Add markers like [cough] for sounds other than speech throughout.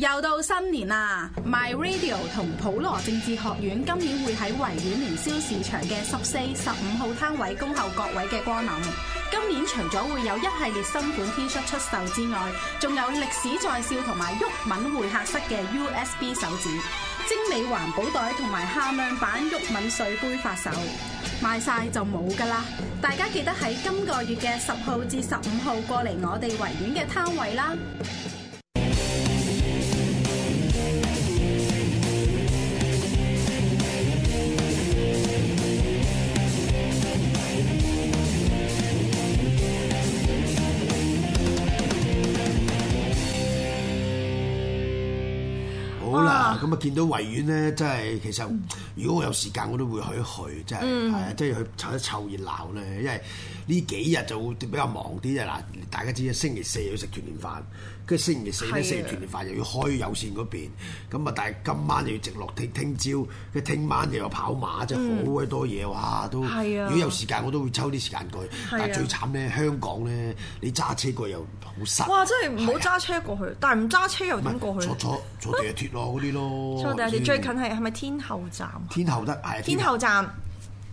又到新年啦！My Radio 同普羅政治學院今年會喺維園年宵市場嘅十四、十五號攤位恭候各位嘅光臨。今年除咗會有一系列新款 T 恤出售之外，仲有歷史在笑同埋毓民會客室嘅 USB 手指、精美環保袋同埋限量版毓民水杯發售，賣晒就冇噶啦！大家記得喺今個月嘅十號至十五號過嚟我哋維園嘅攤位啦。咁啊，見到維園咧，真係其實，如果我有時間，我都會去去，真係，係啊、嗯嗯，即係、哎、去湊一湊熱鬧咧，因為，呢幾日就會比較忙啲啫，嗱，大家知啦，星期四要食團年飯，跟住星期四啲食團年飯又要開有線嗰邊，咁啊，但係今晚又要直落聽朝，跟住聽晚又有跑馬，真係好鬼多嘢，哇！都係啊，如果有時間我都會抽啲時間過去，但係最慘咧，香港咧你揸車過又好塞。哇！真係唔好揸車過去，但係唔揸車又點過去？坐坐坐地鐵咯，嗰啲咯。坐地鐵最近係係咪天后站？天后得係天后站。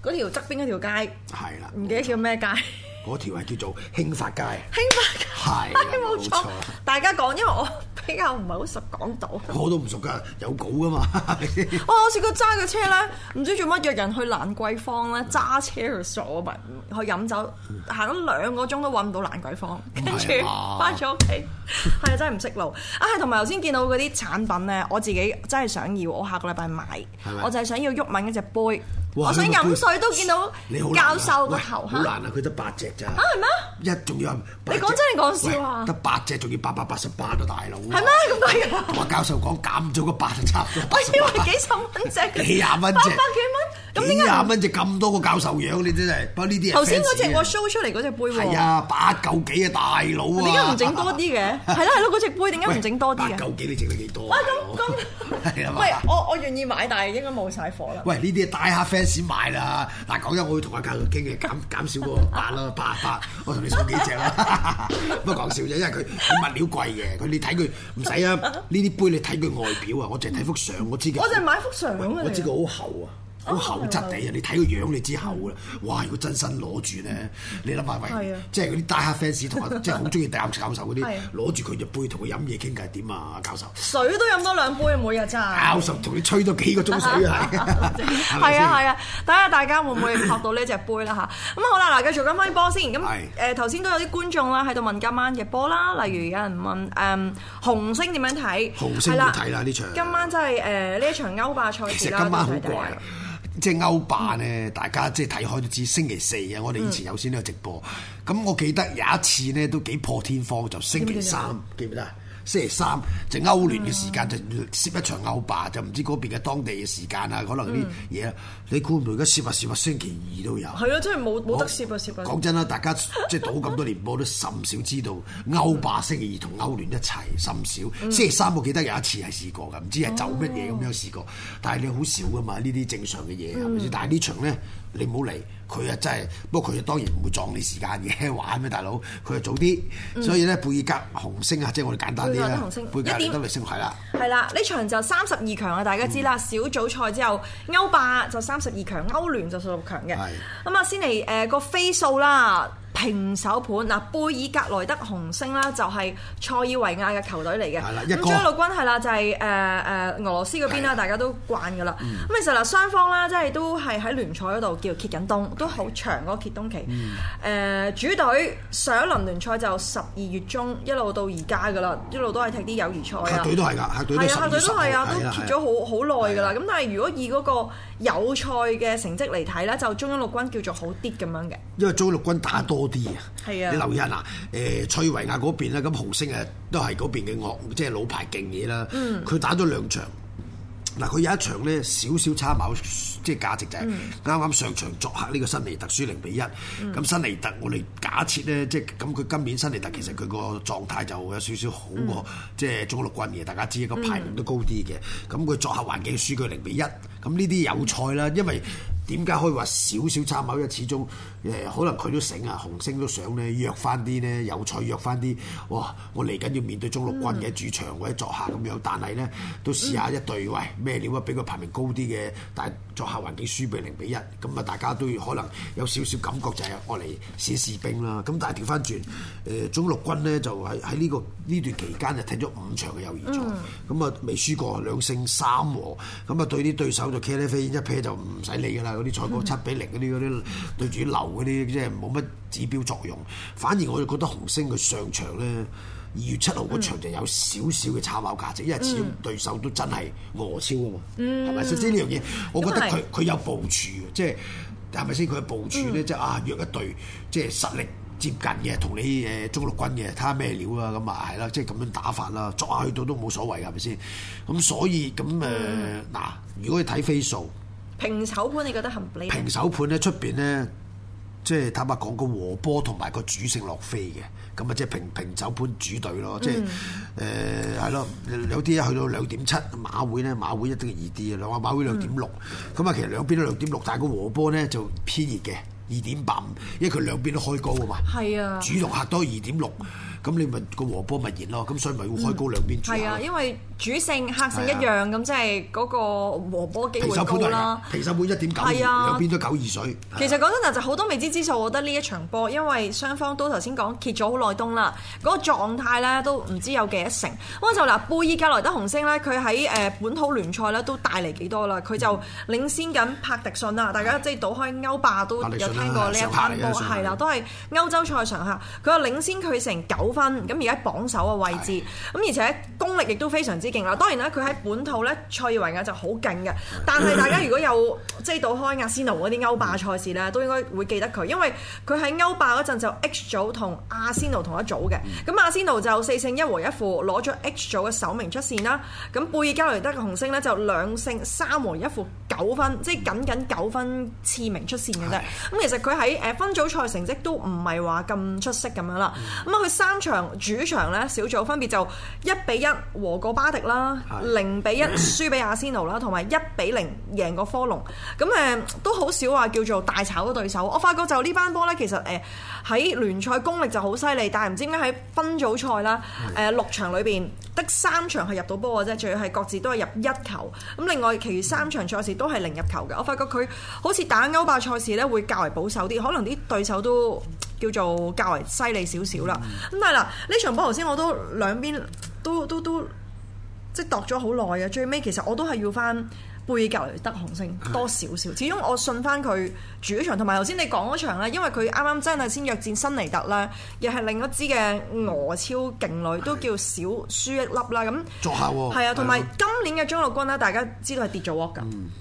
嗰條側邊嗰條街係啦，唔記得叫咩街？嗰條係叫做興發街。興發街係冇錯，大家講，因為我比較唔係好熟講到。我都唔熟㗎，有稿㗎嘛。我我試過揸架車咧，唔知做乜約人去蘭桂坊咧，揸車去坐埋去飲酒，行咗兩個鐘都揾唔到蘭桂坊，跟住返咗屋企，係真係唔識路。啊，同埋頭先見到嗰啲產品咧，我自己真係想要，我下個禮拜買，我就係想要鬱敏嗰隻杯。我想飲水都見到教授個頭好難啊！佢得八隻咋啊，係咩？一仲要你講真係講笑啊！得八隻仲要八百八十八啊！大佬係咩咁鬼啊？我教授講減咗個八十七，我以為幾十蚊隻嘅，百百幾蚊，咁幾廿蚊隻咁多個教授樣，你真係不呢啲頭先嗰隻我 show 出嚟嗰隻杯喎，係啊，八九幾啊，大佬啊，點解唔整多啲嘅？係咯係咯，嗰隻杯點解唔整多啲啊？八九幾你整咗幾多啊？咁咁，喂，我我願意買，但係應該冇曬貨啦。喂，呢啲大客 fans。先買啦，嗱，係講真，我要同阿教授傾嘅減減少個八啦，八啊八，我同你數幾隻啦，不過講笑啫，因為佢佢物料貴嘅，佢你睇佢唔使啊，呢啲杯你睇佢外表啊，我淨係睇幅相我知嘅，我淨係買幅相，我知佢好厚啊。好厚質地啊！你睇個樣你知厚啦。哇！如果真身攞住咧，你諗下喂，即係嗰啲 Die Hard fans 同埋即係好中意教教授嗰啲攞住佢隻杯同佢飲嘢傾偈點啊？教授水都飲多兩杯每日真係。教授同你吹多幾個鐘水啊！係啊係啊！睇下大家會唔會拍到呢隻杯啦吓，咁好啦嗱，繼續講翻波先。咁誒頭先都有啲觀眾啦喺度問今晚嘅波啦，例如有人問誒紅星點樣睇？紅星要睇啦呢場。今晚真係誒呢場歐霸賽事啦，都好怪。即係歐霸咧，大家即係睇開都知，星期四啊，我哋以前有線都有直播。咁、嗯、我記得有一次咧，都幾破天荒，就星期三，記唔記得？星期三就歐聯嘅時間就攝一場歐霸，就唔知嗰邊嘅當地嘅時間啊，可能啲嘢。你估唔到而家攝啊攝啊，星期二都有。係啊，真係冇冇得攝啊攝啊！講真啦，大家即係賭咁多年波都甚少知道歐霸星期二同歐聯一齊，甚少。星期三我記得有一次係試過嘅，唔知係走乜嘢咁樣試過，但係你好少噶嘛呢啲正常嘅嘢係咪先？但係呢場咧。你唔好嚟，佢啊真係，不過佢當然唔會撞你時間嘅，玩咩大佬？佢就早啲，嗯、所以咧貝爾格紅星啊，即係我哋簡單啲啦，一點都未升係啦，係啦，呢 1 點 場就三十二強啊，大家知啦，嗯、小組賽之後歐霸就三十二強，歐聯就十六強嘅，咁啊是的 先嚟誒個飛數啦。平手盤嗱，貝爾格萊德紅星啦，就係、是、塞爾維亞嘅球隊嚟嘅。咁中央陸軍係啦，就係誒誒俄羅斯嗰邊啦，的大家都慣噶啦。咁其實嗱，雙方啦，即係都係喺聯賽嗰度叫揭緊冬，都好長嗰個歇冬期。誒、嗯呃、主隊上一輪聯賽就十二月中一路到而家噶啦，一路都係踢啲友誼賽啊。客隊都係㗎，客隊都係啊，客隊都係啊，都歇咗好好耐噶啦。咁的的但係如果以嗰個友賽嘅成績嚟睇咧，就中央陸軍叫做好啲咁樣嘅，因為中央陸軍打多。啲啊，你留意下嗱，誒、呃、塞維亞嗰邊咧，咁紅星誒都係嗰邊嘅惡，即、就、係、是、老牌勁嘢啦。佢、嗯、打咗兩場，嗱佢有一場咧少少差某，即係價值就係啱啱上場作客呢個新尼特輸零比一、嗯。咁新尼特我哋假設咧，即係咁佢今年新尼特其實佢個狀態就有少少好過，嗯、即係中六軍嘅大家知，個排名都高啲嘅。咁佢、嗯、作客環境輸佢零比一，咁呢啲有賽啦，因為。點解可以話少少參考咧？因為始終誒、呃，可能佢都醒啊，紅星都想咧約翻啲咧，有彩約翻啲，哇！我嚟緊要面對中六軍嘅主場、mm. 或者作客咁樣，但係咧都試下一對喂咩料啊？比佢排名高啲嘅，但係。作客環境輸俾零比一，咁啊大家都可能有少少感覺就係愛嚟試試兵啦。咁但係調翻轉，誒中陸軍呢就喺喺呢個呢段期間就踢咗五場嘅友誼賽，咁啊未輸過，兩勝三和、哦，咁、嗯、啊對啲對手1，就茄喱啡一啤就唔使理㗎啦。嗰啲賽果七比零嗰啲啲對住流嗰啲即係冇乜指標作用，反而我哋覺得紅星嘅上場咧。二月七號嗰場、嗯、就有少少嘅炒碼價值，因為始終對手都真係俄超喎，係咪、嗯、先？呢樣嘢，我覺得佢佢有部署即係係咪先？佢、就、有、是、部署咧，即、就、係、是、啊約一隊即係、就是、實力接近嘅，同你誒、呃、中立軍嘅，睇下咩料啊，咁啊係啦，即係咁樣打法啦，再去到都冇所謂，係咪先？咁所以咁誒嗱，如果你睇飛數平手盤，你覺得合理？平手盤咧出邊咧？即係坦白講個和波同埋個主勝落飛嘅，咁啊即係平平手盤主隊咯，嗯、即係誒係咯，有啲一去到兩點七馬會咧，馬會一定易啲啊，兩啊馬會兩點六，咁啊其實兩邊都兩點六，但係個和波咧就偏熱嘅二點八因為佢兩邊都開高啊嘛，主同客都二點六，咁你咪個和波咪熱咯，咁所以咪會開高兩邊。係、嗯、啊，因為。主勝客勝一樣，咁，是的 即係嗰個和波機會高啦。皮手杯一點九，啊，是的 兩邊都九二水。其實講真嗱，就好多未知之數。我覺得呢一場波，因為雙方都頭先講揭咗好耐冬啦，嗰、嗰個狀態咧都唔知有幾成。咁是的 就嗱，貝爾格萊德紅星咧，佢喺誒本土聯賽咧都帶嚟幾多啦。佢就領先緊帕迪信啦，大家即係賭開歐霸都有聽過呢一單波，係啦的，都係歐洲賽場下，佢就領先佢成九分，咁而家榜首嘅位置，咁的而且功力亦都非常之。啲啦！當然啦，佢喺本土咧，賽事環境就好勁嘅。但係大家如果有即係到開亞仙奴嗰啲歐霸賽事咧，都應該會記得佢，因為佢喺歐霸嗰陣就 H 組同亞仙奴同一組嘅。咁亞、嗯、仙奴就四勝一和一負，攞咗 H 組嘅首名出線啦。咁貝爾加雷德嘅紅星呢，就兩勝三和一負，九分，即係僅僅九分次名出線嘅啫。咁的其實佢喺誒分組賽成績都唔係話咁出色咁樣啦。咁啊、嗯，佢三場主場呢，小組分別就一比一和個巴啦零比一輸俾阿仙奴啦，同埋一比零贏過科隆，咁、嗯、誒都好少話叫做大炒嘅對手。我發覺就呢班波呢，其實誒喺聯賽功力就好犀利，但係唔知點解喺分組賽啦，誒、呃、六場裏邊得三場係入到波嘅啫，仲要係各自都係入一球。咁另外其餘三場賽事都係零入球嘅。我發覺佢好似打歐霸賽事呢會較為保守啲，可能啲對手都叫做較為犀利少少啦。咁係啦，呢場波頭先我都兩邊都都都。都都都即度咗好耐啊，最尾其實我都係要翻貝爾格萊德紅星多少少，是的 始終我信翻佢主呢場，同埋頭先你講嗰場咧，因為佢啱啱真係先約戰辛尼特啦，又係另一支嘅俄超勁旅，都叫小輸一粒啦咁。作客喎。係啊，同埋的大哥 今年嘅中央陸軍啦，大家知道係跌咗鑊㗎。嗯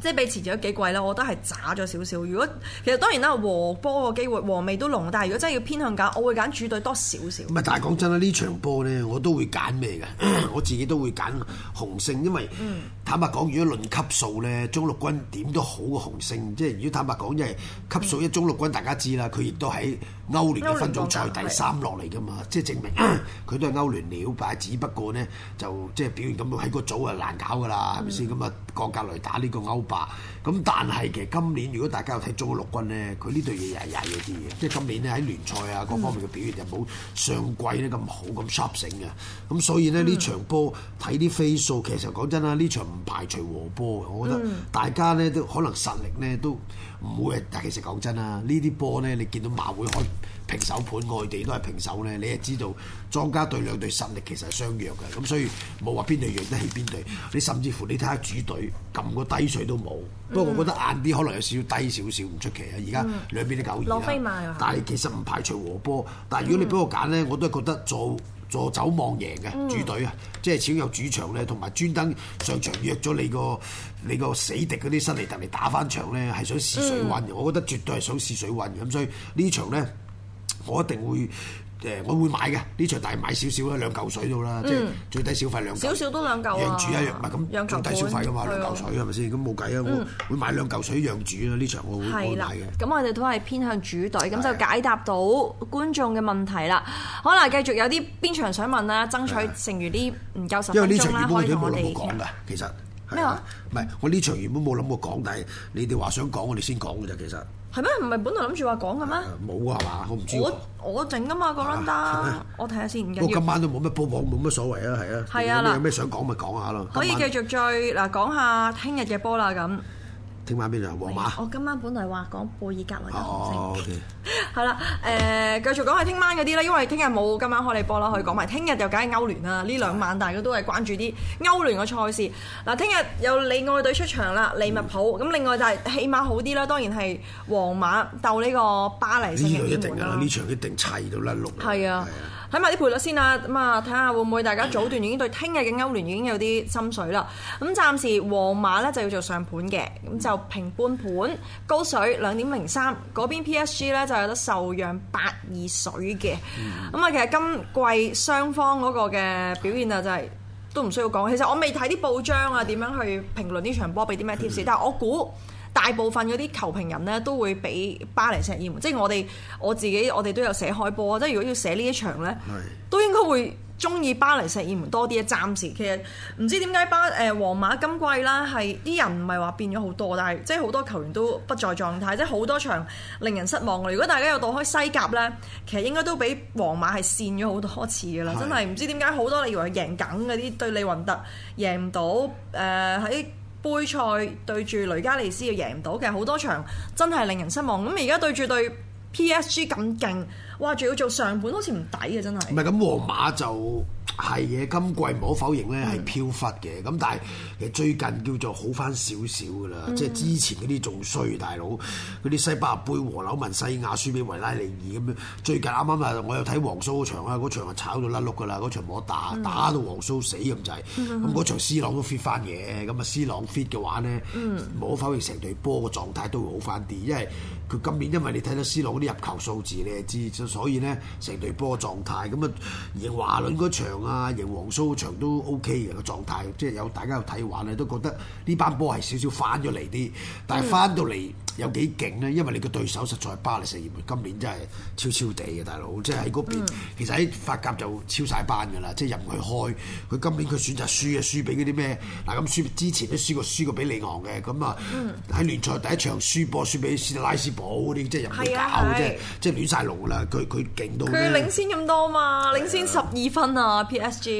即係比咗幾季咧，我都係差咗少少。如果其實當然啦，和波個機會和味都濃，但係如果真係要偏向揀，我會揀主隊多少少。唔係，但係講真啦，呢場波咧，我都會揀咩嘅？我自己都會揀紅勝，因為、嗯、坦白講，如果論級數咧，中六軍點都好過紅勝。即係如果坦白講，因為級數一中六軍，大家知啦，佢亦都喺。歐聯嘅分組賽第三落嚟㗎嘛，嗯、即係證明佢都係歐聯料。但只不過呢，就即係表現咁喺個組啊難搞㗎啦，係咪先咁啊？過格雷打呢個歐霸。咁但係其實今年如果大家有睇中央陸軍呢，佢呢隊嘢曳曳有啲嘢。即係今年呢，喺聯賽啊各方面嘅表現就冇、嗯、上季呢咁好咁 sharp 醒嘅，咁、嗯、所以呢，呢、嗯、場波睇啲飛數，其實講真啦，呢場唔排除和波嘅，我覺得大家呢，都可能實力呢都。都都唔會，但其實講真啦，呢啲波呢，你見到馬會開平手盤，外地都係平手呢。你係知道莊家對兩隊實力其實係相約嘅，咁所以冇話邊隊贏得起邊隊。你甚至乎你睇下主隊撳個低水都冇，不過、嗯、我覺得晏啲可能有少少低少少，唔出奇、嗯、啊！而家兩邊啲狗熱啊，但係其實唔排除和波。但係如果你俾我揀呢，嗯、我都係覺得做。做走望贏嘅主隊啊，嗯、即係始終有主場呢，同埋專登上場約咗你個你個死敵嗰啲新嚟特嚟打返場呢，係想試水運，嗯、我覺得絕對係想試水運咁，所以呢場呢，我一定會。我會買嘅呢場大買少少啦，兩嚿水到啦，即係最低消費兩。少少都兩嚿啊！養主一樣，唔係咁最低消費噶嘛，兩嚿水係咪先？咁冇計啊，會會買兩嚿水養主啊，呢場我會大嘅。咁我哋都係偏向主隊，咁就解答到觀眾嘅問題啦。好啦，繼續有啲邊場想問啦，爭取剩餘啲唔夠十分鐘啦，因為呢場原本冇諗過講噶，其實咩話？唔係，我呢場原本冇諗過講，但係你哋話想講，我哋先講嘅啫，其實。係咩？唔係本來諗住話講嘅咩？冇啊，係嘛？我唔知。我我整㗎嘛，個撚得，我睇下先，唔緊要，我今晚都冇乜波，冇冇乜所謂啊，係啊。係啊的，嗱，了有咩想講咪講下咯。可以繼續再嗱講下聽日嘅波啦，咁。聽晚邊場皇馬？我今晚本來話講貝爾格萊德、oh, okay. [laughs] 好 OK。係啦，誒，繼續講係聽晚嗰啲啦，因為聽日冇今晚開你波啦，可以講埋聽日就梗係歐聯啦。呢兩晚大家都係關注啲歐聯嘅賽事。嗱，聽日有你愛隊出場啦，利物浦。咁、嗯、另外就係起碼好啲啦，當然係皇馬鬥呢個巴黎先。呢場一定㗎啦，呢場一定齊到甩龍。係啊。睇埋啲賠率先啦，咁啊，睇下會唔會大家早段已經對聽日嘅歐聯已經有啲心水啦。咁暫時皇馬呢就要做上盤嘅，咁就平半盤高水兩點零三，嗰邊 PSG 呢就有得受讓八二水嘅。咁啊，其實今季雙方嗰個嘅表現啊、就係，就係都唔需要講。其實我未睇啲報章啊，點樣去評論呢場波，俾啲咩貼士，但係我估。大部分嗰啲球評人呢，都會畀巴黎聖日耳門，即係我哋我自己，我哋都有寫開波。即係如果要寫呢一場呢，是的 都應該會鍾意巴黎聖日耳門多啲嘅。暫時其實唔知點解巴誒皇馬今季啦係啲人唔係話變咗好多，但係即係好多球員都不在狀態，即係好多場令人失望。如果大家有盪開西甲呢，其實應該都畀皇馬係跣咗好多次㗎喇，是的 真係唔知點解好多你以為贏緊嗰啲對利雲特贏唔到誒喺。呃杯賽對住雷加利斯又贏唔到，其實好多場真係令人失望。咁而家對住對 PSG 咁勁，哇！仲要做上盤好似唔抵嘅，真係。唔係咁，皇馬就。係嘅，今季唔可否認咧係飄忽嘅，咁、嗯、但係其實最近叫做好翻少少㗎啦，嗯、即係之前嗰啲仲衰，大佬嗰啲西班牙杯和紐文西亞輸畀維拉利爾咁樣，最近啱啱啊，我又睇皇蘇嗰場啊，嗰場係炒到甩碌㗎啦，嗰場冇打，嗯、打到皇蘇死咁滯，咁嗰、嗯、場 C 朗都 fit 翻嘢。咁啊 C 朗 fit 嘅話咧，冇、嗯、否認成隊波嘅狀態都會好翻啲，因為。佢今年因為你睇到 C 朗啲入球數字，你係知，所以咧成隊波狀態咁啊，贏華倫嗰場啊，贏黃蘇場都 OK 嘅個狀態，即係有大家有睇玩啊，都覺得呢班波係少少翻咗嚟啲，但係翻到嚟，嗯有幾勁咧？因為你個對手實在巴黎聖日耳門，今年真係超超地嘅大佬，即係喺嗰邊。嗯、其實喺法甲就超晒班噶啦，即係任佢去開。佢今年佢選擇輸嘅，輸俾嗰啲咩？嗱、啊、咁輸之前都輸過，輸過俾李昂嘅咁啊。喺聯賽第一場輸波，輸俾斯特拉斯堡嗰啲，即係任唔到、啊啊、即係即係亂晒路啦。佢佢勁到佢領先咁多嘛？是啊、領先十二分啊！PSG，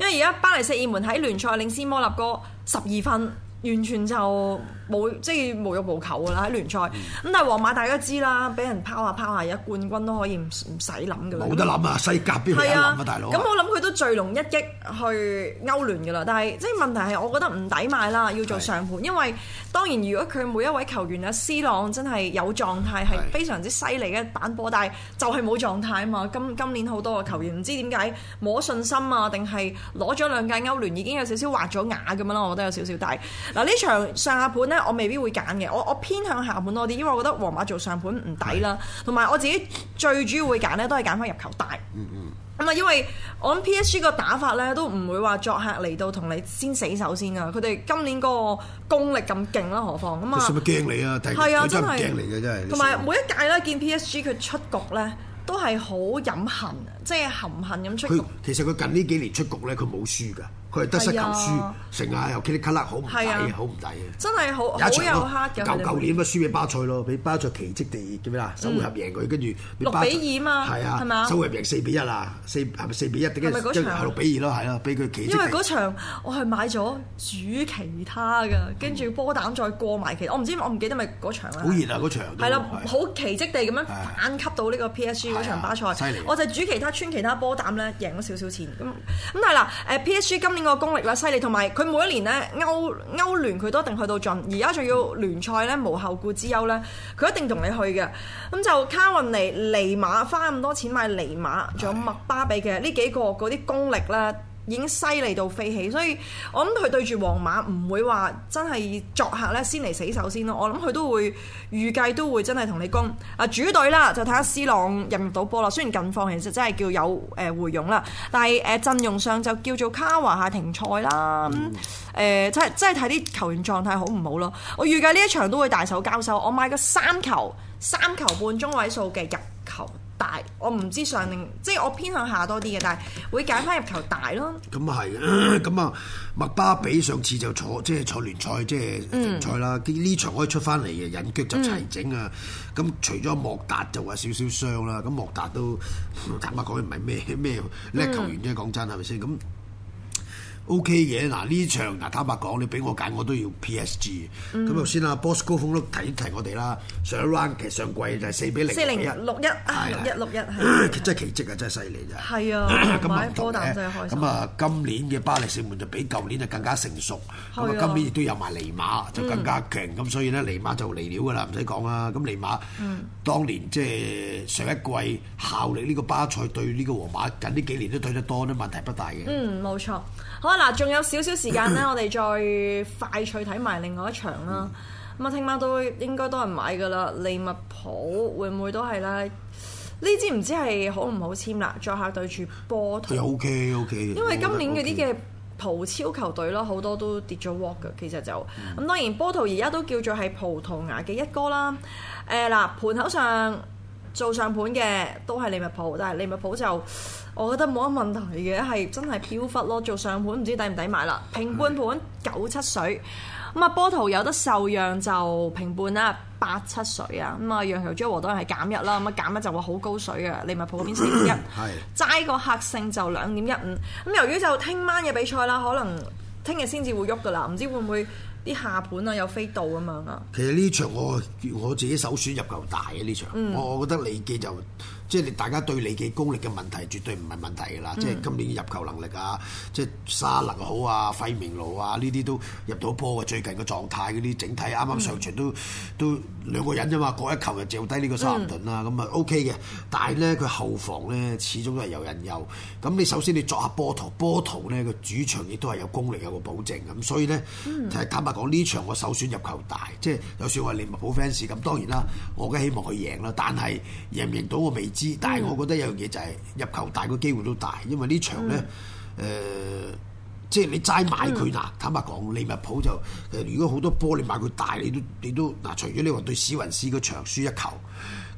因為而家巴黎聖日耳門喺聯賽領先摩納哥十二分，完全就。冇即係無欲、就是、無，無求㗎啦，喺聯賽。咁但係皇馬大家都知啦，俾人拋下拋下，而家冠軍都可以唔唔使諗㗎啦。冇得諗啊，西甲邊係諗啊，大佬。咁我諗佢都聚龍一擊去歐聯㗎啦。但係即係問題係，我覺得唔抵買啦，要做上盤。是因為當然如果佢每一位球員啊，C 朗真係有狀態，係是非常之犀利嘅板波，但係就係冇狀態啊嘛。今今年好多個球員唔知點解冇信心啊，定係攞咗兩屆歐聯已經有少少滑咗牙咁樣啦。我覺得有少少。大。嗱呢場上下盤我未必會揀嘅，我我偏向下盤多啲，因為我覺得皇馬做上盤唔抵啦。同埋是的 我自己最主要會揀咧，都係揀翻入球大。嗯嗯。咁啊，因為我諗 P S G 個打法咧，都唔會話作客嚟,到同你先死守先啊。佢哋今年嗰個功力咁勁啦，何況咁啊。係咪驚你啊？係的啊，真係驚嚟嘅真係。同埋每一屆咧，見 P S G 佢出局咧，都係好飲恨，即係含恨咁出局。其實佢近呢幾年出局咧，佢冇輸噶。佢係得失球輸，成日又見啲 cut 甩好唔抵，好唔抵。真係好好有黑嘅。舊舊年咪輸俾巴塞咯，俾巴塞奇蹟地叫咩啦？首回合贏佢，跟住六比二嘛，係啊，首回合贏四比一啦，四係咪四比一？定係六比二咯，係咯，俾佢奇。因為嗰場我係買咗主其他嘅，跟住波膽再過埋期，我唔知我唔記得咪嗰場好熱啊！嗰場係啦，好奇蹟地咁樣反級到呢個 PSG 嗰場巴塞。我就係主其他穿其他波膽咧，贏咗少少錢。咁咁係啦，誒 PSG 今。呢個功力啦，犀利，同埋佢每一年咧歐歐聯佢都一定去到盡，而家仲要聯賽咧無後顧之憂咧，佢一定同你去嘅。咁就卡雲尼尼馬花咁多錢買尼馬，仲有麥巴比嘅呢幾個嗰啲功力咧，已經犀利到飛起，所以我諗佢對住皇馬唔會話真係作客咧先嚟死守先咯，我諗佢都會預計都會真係同你攻啊主隊啦，就睇下 C 朗入唔入到波啦。雖然近況其實真係叫有誒回勇啦，但係誒、呃、陣容上就叫做卡華下停賽啦，誒即係即係睇啲球員狀態好唔好咯。我預計呢一場都會大手交手，我買個三球三球半中位數嘅入。大，我唔知上定，即係我偏向下多啲嘅，但係會揀翻入球大咯。咁啊係，咁、yeah. 啊、 [laughs] 嗯，麥巴比上次就坐，即係坐聯賽，即係聯賽啦。呢場可以出翻嚟嘅，引腳就齊整啊。咁除咗莫達就話少少傷啦。咁莫達都坦白講，唔係咩咩叻球員啫。講真係咪先咁？O K 嘅，嗱呢場嗱，坦白講，你俾我揀，我都要 P S G。咁頭先阿 Bosco 峯都提提我哋啦。上一 round 其實上季就係四比零四零一，六一六一，六一係真係奇蹟啊！真係犀利咋係啊！咁啊波膽真係開心。咁啊，今年嘅巴黎聖門就比舊年就更加成熟。咁啊，今年亦都有埋尼馬，就更加勁。咁所以呢，尼馬就嚟料㗎啦，唔使講啦。咁尼馬當年即係上一季效力呢個巴塞對呢個皇馬，近呢幾年都對得多咧，問題不大嘅。嗯，冇錯。好啊！仲有少少時間咧，我哋再快脆睇埋另外一場啦。咁啊，聽晚都應該都係買噶啦。利物浦會唔會都係咧？好好呢支唔知係好唔好籤啦。再下對住波圖，OK OK, okay。因為今年嗰啲嘅葡超球隊啦，好 okay, okay. 多都跌咗鑊噶。其實就咁，嗯、當然波圖而家都叫做係葡萄牙嘅一哥啦。誒、呃、嗱，盤口上。做上盤嘅都係利物浦，但係利物浦就我覺得冇乜問題嘅，係真係飄忽咯。做上盤唔知抵唔抵買啦。平半盤九七水，咁啊波圖有得受讓就平半啦八七水啊，咁啊讓球張和當然係減一啦，咁啊減一就會好高水嘅。利物浦嗰邊四點一，齋個客勝就兩點一五。咁由於就聽晚嘅比賽啦，可能聽日先至會喐噶啦，唔知會唔會？啲下盤啊有飛到啊嘛，其實呢場我我自己首選入球大啊呢場、嗯、我覺得利記就。即係你大家對你嘅功力嘅問題絕對唔係問題㗎啦！嗯、即係今年入球能力啊，即係、嗯、沙納好啊、費明奴啊呢啲都入到波啊！最近嘅狀態嗰啲整體啱啱上傳都、嗯、都兩個人咋嘛，過一球就剩低呢個沙倫頓啦，咁啊、嗯、OK 嘅。但係咧佢後防咧始終都係有隱憂。咁你首先你作下波圖，波圖咧個主場亦都係有功力有個保證咁，所以咧、嗯、坦白講呢場我首選入球大。即係有少少利物浦 fans 咁，當然啦，我梗係希望佢贏啦，但係贏唔贏到我未。但係我覺得有樣嘢就係入球大個機會都大，因為呢場呢，誒、呃，即係你齋買佢嗱，坦白講利物浦就，如果好多波你買佢大，你都你都，嗱，除咗你話對史雲斯個場輸一球。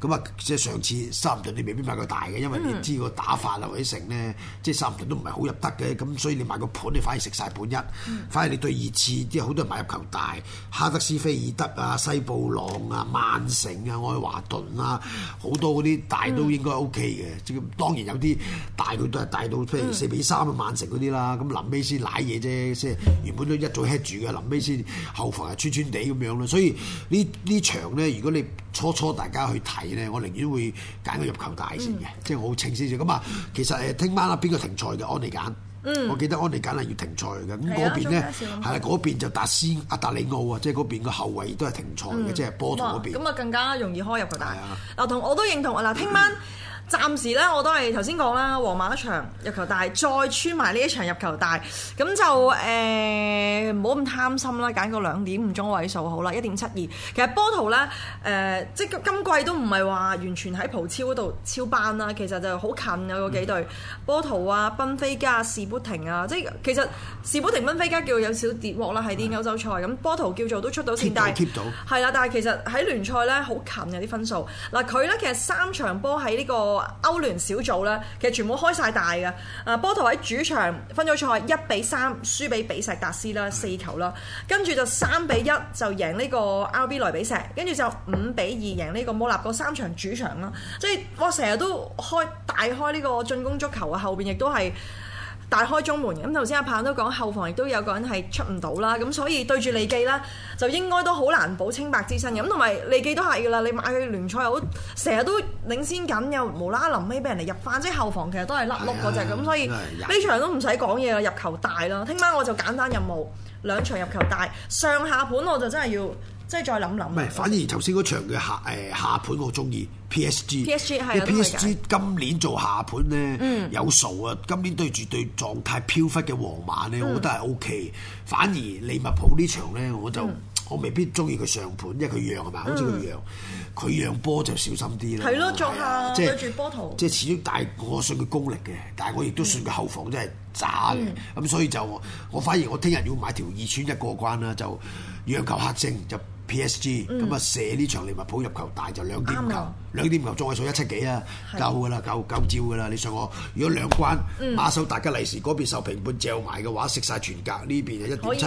咁啊，即係上次三頓你未必買個大嘅，因為你知個打法劉偉成呢，嗯、即係三頓都唔係好入得嘅，咁所以你買個盤你反而食晒本一，嗯、反而你對二次啲好多人買入球大，哈德斯菲爾德啊、西布朗、啊、曼城啊、愛華頓啊，好、嗯、多嗰啲大都應該 O K 嘅，即、嗯、當然有啲大佢都係大到譬如四比三啊，曼城嗰啲啦，咁臨尾先賴嘢啫，即係原本都一早 hit 住嘅，臨尾先後防係穿穿地咁樣咯，所以呢呢場呢，如果你，如果你初初大家去睇咧，我寧願會揀個入球大先嘅，嗯、即係好清晰啲。咁啊，其實誒，聽晚啦，邊個停賽嘅？安妮簡，嗯、我記得安妮簡係要停賽嘅。咁嗰邊咧，係啊、嗯，嗰邊就達斯阿達里奧啊，即係嗰邊個後衞都係停賽嘅，嗯、即係波圖嗰邊。咁啊，更加容易開入個大。嗱、啊，同我都認同啊，嗱，聽晚。 [laughs] 暫時咧，我都係頭先講啦，皇馬一場入球大，再穿埋呢一場入球大，咁就唔好咁貪心啦，揀個兩點五中位數好啦，一點七二。其實波圖呢，誒、呃，即係今季都唔係話完全喺葡超嗰度超班啦，其實就好近有個幾隊、嗯、波圖啊、賓菲加、士砵亭啊，即係其實士砵亭、賓菲加叫有少跌鑊啦，喺啲歐洲賽咁。嗯、波圖叫做都出到先，但係貼啦，但係其實喺聯賽咧好近有啲分數。嗱佢咧其實三場波喺呢個。歐聯小組咧，其實全部開晒大嘅。誒，波圖喺主場分組賽，一比三輸俾比錫達斯啦，四球啦。跟住就三比一就贏呢個 RB 萊比錫，跟住就五比二贏呢個摩納哥，三場主場啦。所以我成日都開大開呢個進攻足球啊，後邊亦都係。大開中門，咁頭先阿鵬都講後防亦都有個人係出唔到啦，咁所以對住利記啦，就應該都好難保清白之身，咁同埋利記都係噶啦，你買佢聯賽好，成日都領先緊，又無啦啦臨尾俾人哋入翻，即係後防其實都係甩碌嗰隻，咁、啊、所以呢場都唔使講嘢啦，入球大啦，聽晚我就簡單任務，兩場入球大，上下盤我就真係要。即係再諗諗。唔係，反而頭先嗰場嘅下誒下盤我中意 P S G。P S G 今年做下盤咧，有數啊！今年對住對狀態飄忽嘅皇馬咧，我覺得係 O K。反而利物浦呢場咧，我就我未必中意佢上盤，因為佢讓係嘛，好似佢讓，佢讓波就小心啲啦。係咯，做下對住波圖。即係始終大，我信佢功力嘅，但係我亦都信佢後防真係渣嘅。咁所以就我反而我聽日要買條二串一過關啦，就讓球黑星。就。P.S.G. 咁啊射呢場利物浦入球大就兩點球，嗯、兩點球莊委數一七幾啊，的夠㗎喇，夠夠招㗎喇。你上我，如果兩關把守、嗯、大吉利是嗰邊受平半掉埋嘅話，食晒全格呢邊就一點七，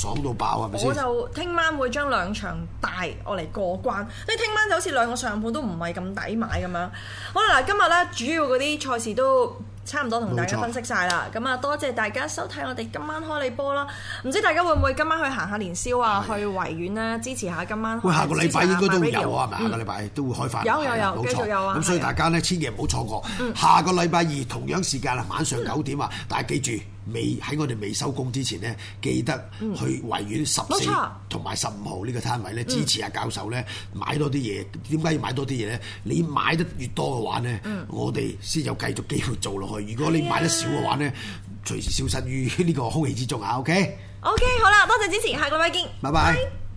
爽到爆係咪先？我就聽晚會將兩場大我嚟過關，所以聽晚就好似兩個上半都唔係咁抵買咁樣。好啦，嗱今日咧主要嗰啲賽事都。差唔多同大家分析晒啦，咁啊錯多謝大家收睇我哋今晚開你波啦，唔知大家會唔會今晚去行下年宵啊，的去維園啊，支持下今晚。喂，下個禮拜應該都會有啊，係咪 Radio,、嗯？下個禮拜都會開返，有有有，冇錯繼續有啊。咁所以大家呢千祈唔好錯過，嗯、下個禮拜二同樣時間啊晚上九點啊，大家、嗯、記住。未喺我哋未收工之前呢，記得去維園十四同埋十五號呢個攤位咧，嗯、支持阿教授呢買多啲嘢。點解要買多啲嘢咧？你買得越多嘅話呢，嗯、我哋先有繼續機會做落去。如果你買得少嘅話呢，嗯、隨時消失於呢個空氣之中啊！OK，OK，okay? okay，好啦，多謝支持，下個禮拜見，拜拜。拜拜。